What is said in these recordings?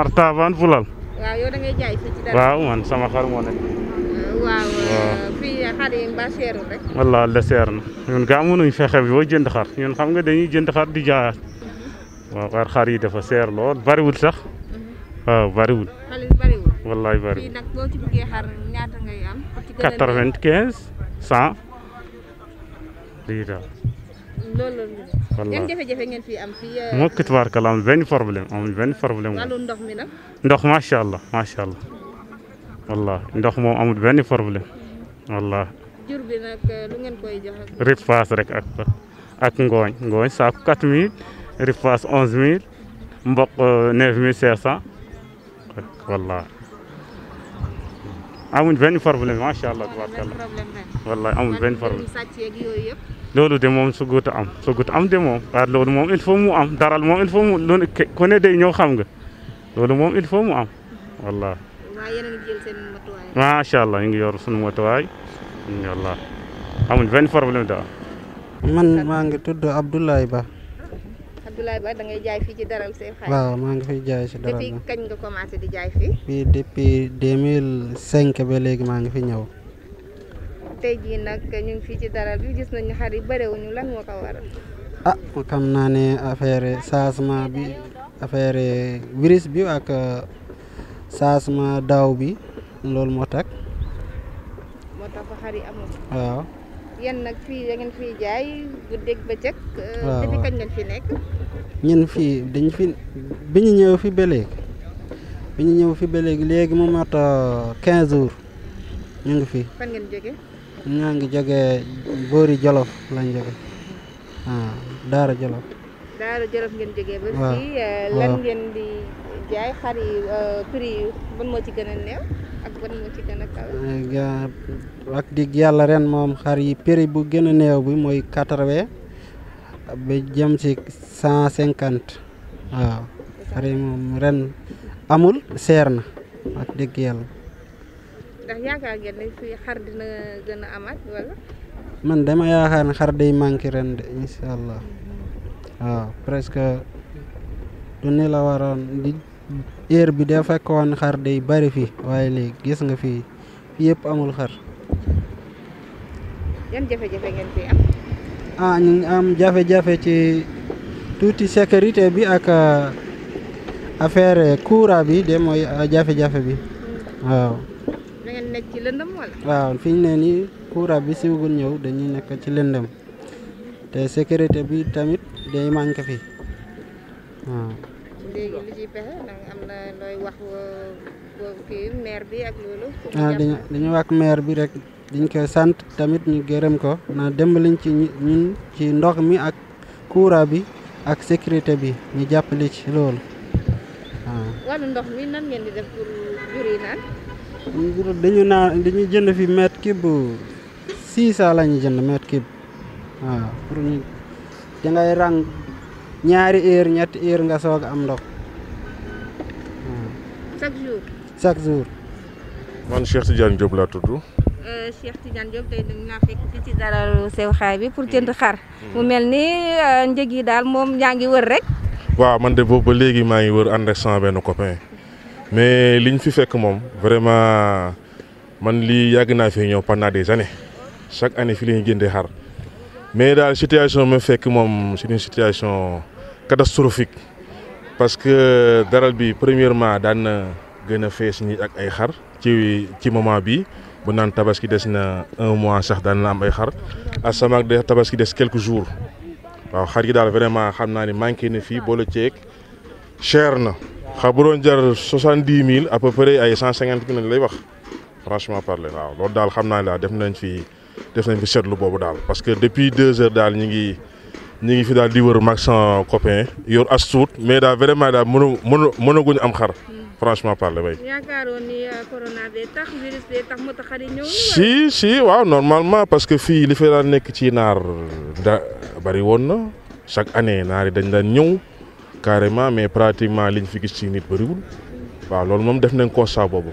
Omar Taban Fulal. waaw man sama xar moo nekk. waaw fii xar yi mbaa seerul rek. wallaahi la seer na ñun gaa mënuñ fexe bi boo jënd xar ñun xam nga dañuy jënd xar di jaayaat. Mhm. waaw xar xar yi dafa seer lool bariwul sax. Mhm. waaw bariwul. bariwul wallaahi bariwul. quatre-vingt-quinze cent lii daal. wallaahi yan jafe am euh, benn problème amul benn problème. ndox mi macha allah macha allah. wallaahi ndox moom amul benn problème wallaahi. jur bi nag euh, lu ngeen koy jox ak. ripaas rek ak ak ngooñ ngooñ saako 4000 ripaas 11000 mboq 9500 wallaahi. benn problème macha allah tubaarkalla wallaahi amul benn problème. loolu de moom su gut am su gut am de moom waaye loolu moom il faut mu am daral moom il faut mu loolu ku ne day ñëw xam nga loolu moom il faut mu am wallaahi. waaw ngi allah ñu ngi yor suñu matuwaay wallaahi amuñ benn maa ngi tudd Abdoulaye Ba. Abdoulaye Ba da jaay fii ci daral seen xaalis. waaw maa ngi fiy jaay si daral depuis kañ nga commencé di jaay fii. fii depuis 2005 léegi maa ngi fi ñëw. te jii nag ñu ngi fii ci daral bi gis nañu xar yi bëriwuñu lan moo ko waral. ah xam naa ne affaire changement bi affaire wiris bi ak euh, changement daaw bi loolu moo tax. moo tax ba xar yi waaw. yéen nag fii euh, fi dañ fi bi ñu ñëw fi ba bi ñu ñëw fi ba léegi léegi mu mat euh, jours ñu ngi fi. ñaa ngi jógee boori Jolof lañ jóge waaw Daara Jolof. Daara Jolof ngeen jógee. ba fii eh, lan ngeen di jaay xar yi eh, prix yi moo ci gën a ak ban yàlla ren moom xar yi bu gën a néew bi mooy quatre-vingts ba jëm ci cent cinquante waaw. xar moom ren amul seer na ak dégg yàlla. ndax yaakaar ngeen ne xar dina gën a amaat man dema yaakaar ne xar day manqué de incha allah waaw presque du ni la waroon di heure bi da fekkoon xar day bari fii waaye léegi gis nga fii fii yëpp amul xar. yan jafe-jafe ngeen fi am. Ah, jafe-jafe ci tuuti sécurité bi ak ah, affaire courant bi de mooy ah, jafe-jafe bi mm. waaw. waaw fi ñu ne nii courant bi siwagul ñëw dañuy nekk ci lëndëm te sécurité bi tamit day manqué fi waaw. léegi wax euh, euh, kii ah, bi rek dañ koy sant tamit ñu gërëm ko na dem liñ ci ñun ci ndox mi ak courant bi ak sécurité bi ñu jàppale ci loolu dañu naan dañuy jënd fi mètre cube six cent la ñuy jënd mètre cube waaw pour ñu dangay rang ñaari heure ñetti heure nga soog am ndox chaque jour chaque jour man Cheikh Tidiane Diop laa tudd euh, Cheikh Tidiane Diop tey dañu fekk fii ci dalalu sew xaay bi pour jënd xar mm-hmm. mu mel ni euh, njëg yi daal moom yaa ngi wër rek waaw man de boobu léegi maa ngi wër ànd ak sama benn copain mais li ñu fi fekk moom vraiment man lii yàgg naa fi ñëw pendant des chaque année fii la ñuy jëndee xar mais daal situation ma fekk moom c'est une situation catastrophique parce que daral bi premièrement daan na gën a fees nii ak ay xar ci ci moment bi bu naan tabaski des na un mois sax daan na am ay xar asama ak de tabaski des quelque jours waaw xar yi daal vraiment xam naa ne manqué na fii boole ceeg cher na. xam bu doon jar soixante dix mille à ay cent cinquante mille lay wax franchement parler waaw loolu daal xam naa ne daal def nañ fi def nañ fi seetlu boobu daal. parce que depuis deux heures daal ñu ngi ñi ngi fi daal di wër mag sans copain yor as tuut mais daal vraiment daal mënu mënu mënaguñu am xar. franchement parler bay. yaakaaroon euh, si si waaw normalement parce que fii li fi daan nekk ci naar da bari woon na chaque année naar yi dañ daan ñëw. carrément mais pratiquement liñ fi gis ci nit bëriwul waaw loolu moom def nañ constat boobu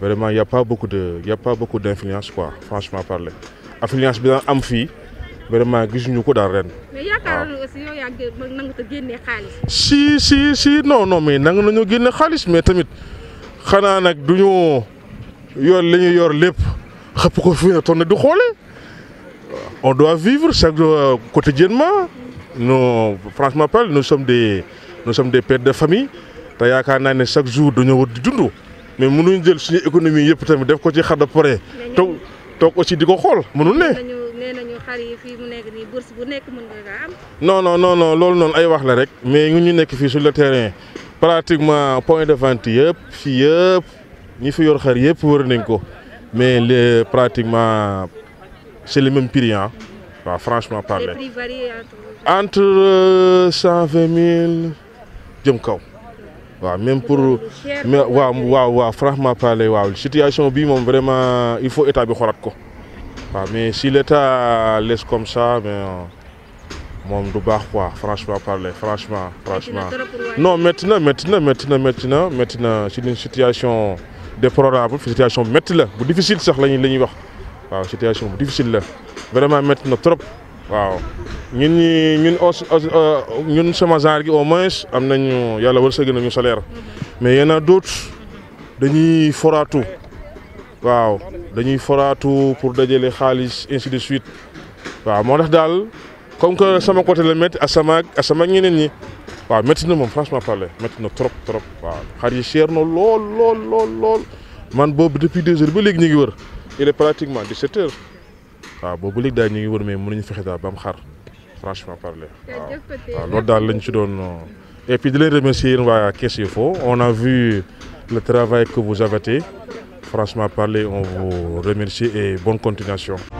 vraiment y' a pas beaucoup de y' a pas beaucoup influence quoi franchement parler influence bi daan am fii vraiment gisuñu ko daal ren. mais si si si non non mais nangu nañu génne xaalis mais tamit xanaa nag du ñu yor li ñu yor lépp xëpp ko fii na toog na du xoole on doit vivre chaque euh, quotidiennement nous franchement parler nous sommes des. nous sommes des pères de famille te yaakaar naa ne chaque jour dañoo war di dund mais mënuñ jël suñu économie yëpp tamit def ko ci xar de pare toog toog aussi di ko xool mënul ne. nee nañu xar non non non loolu noonu ay wax la rek mais ñu nekk fii sur le terrain pratiquement point de vente yëpp fii yëpp ñu fi yor xar yëpp wër nañ ko mais les pratiquement c'est le même waaw franchement parler. les entre euh, cent vingt mille. jëm kaw waaw même pour waaw waaw waaw franchement parler waaw situation bii moom vraiment il faut état bi xoolaat ko waaw mais le l'état les comme sa mais euh, moom du baax quoi franchement parler franchement franchement non métti na métti na métti na métti na métti na c'est une situation déplorable situation métti la bu difficile sax lañuy la ñuy wax waaw situation bu difficile la vraiment métti na trop waaw ñun ñi ñun euh, ñun sama genre gi au moins am nañu yàlla wërsëg nañu salaire mhm. mais y en a mhm. dañuy foraatu waaw dañuy foraatu pour dajale xaalis ainsi de suite waaw moo tax daal comme que sama côté la métti asama asama ak ñeneen ñi waaw métti na moom franchement parler métti na trop trop waaw xar yi cher na lool lool lool lool man boobu depuis deux heures ba léegi ñu ngi wër il est pratiquement 17 heures waaw boobu léegi daal ñu ngi wër mais mënuñu fexe daal ba mu xar. franchement parler waaw waaw loolu daal lañ ci doon et puis di leen remercier yéen waa Caisse Info on a vu le travail que vous avez franchement parler on vous remercie et bonne continuation